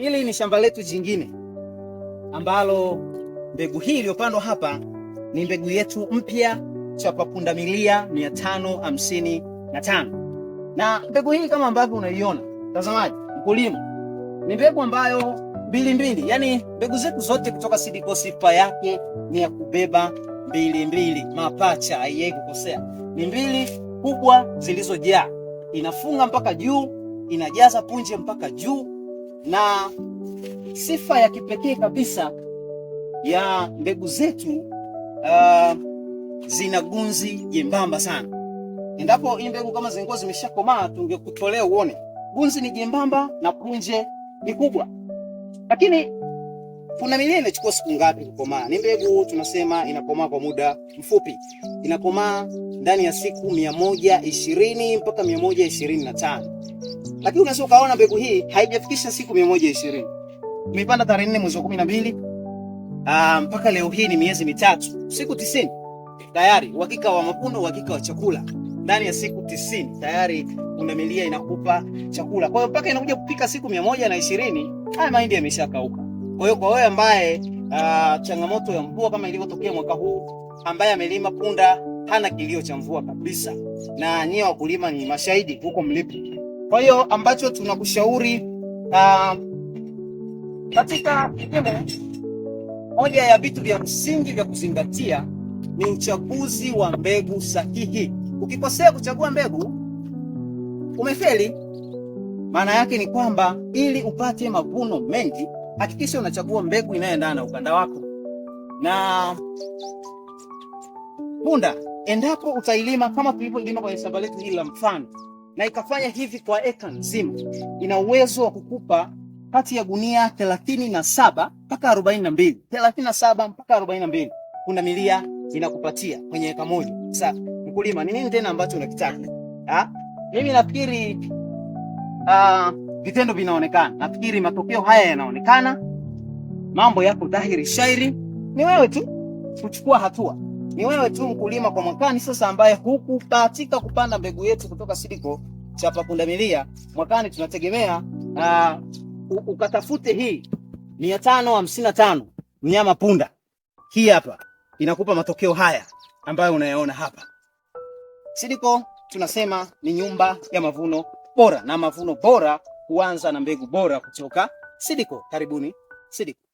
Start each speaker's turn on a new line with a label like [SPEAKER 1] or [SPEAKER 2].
[SPEAKER 1] Hili ni shamba letu jingine ambalo mbegu hii iliyopandwa hapa ni mbegu yetu mpya chapa milia 555 na mbegu hii kama ambavyo unaiona mtazamaji, mkulima, ni mbegu ambayo mbili mbili, yani mbegu zetu zote kutoka Sidiko sifa yake ni ya kubeba mbili mbili, mapacha, haiyai kukosea. Ni mbili kubwa zilizojaa, inafunga mpaka juu, inajaza punje mpaka juu na sifa ya kipekee kabisa ya mbegu zetu uh, zina gunzi jembamba sana. Endapo hii mbegu kama zingekuwa zimeshakomaa, tungekutolea uone gunzi ni jembamba na punje ni kubwa, lakini kuna mimea inachukua siku ngapi kukomaa? Ni mbegu tunasema inakomaa kwa muda mfupi, inakomaa ndani ya siku mia moja ishirini mpaka mia moja ishirini na tano lakini unaweza ukaona mbegu hii haijafikisha siku mia moja ishirini. Tumeipanda tarehe nne mwezi wa kumi na mbili ah, mpaka leo hii ni miezi mitatu, siku tisini tayari. Uhakika wa mavuno, uhakika wa chakula ndani ya siku tisini tayari kuna milia inakupa chakula. Kwa hiyo mpaka inakuja kupika siku mia moja na ishirini haya mahindi yameshakauka. Kwa hiyo kwa wewe ambaye uh, changamoto ya mvua kama ilivyotokea mwaka huu, ambaye amelima punda hana kilio cha mvua kabisa, na nyie wakulima ni mashahidi huko mlipo. Kwa hiyo ambacho tunakushauri uh, katika kipimo, moja ya vitu vya msingi vya kuzingatia ni uchaguzi wa mbegu sahihi. Ukikosea kuchagua mbegu umefeli. Maana yake ni kwamba ili upate mavuno mengi, hakikisha unachagua mbegu inayoendana na ukanda wako na punda. Endapo utailima kama tulivyolima kwenye shamba letu hili la mfano na ikafanya hivi kwa eka nzima. Ina uwezo wa kukupa kati ya gunia 37 mpaka 42, 37 mpaka 42 milia inakupatia kwenye eka moja. Sasa mkulima, ni nini tena ambacho unakitaka? Ah, mimi nafikiri uh, vitendo vinaonekana, nafikiri matokeo haya yanaonekana, mambo yako dhahiri shairi. Ni wewe tu kuchukua hatua. Ni wewe tu mkulima kwa mwakani sasa ambaye hukubahatika kupanda mbegu yetu kutoka Sidiko Chapa Pundamilia. Mwakani tunategemea uh, ukatafute hii mia tano hamsini na tano mnyama punda. Hii hapa inakupa matokeo haya ambayo unayaona hapa. Sidiko tunasema ni nyumba ya mavuno bora, na mavuno bora huanza na mbegu bora kutoka Sidiko. Karibuni Sidiko.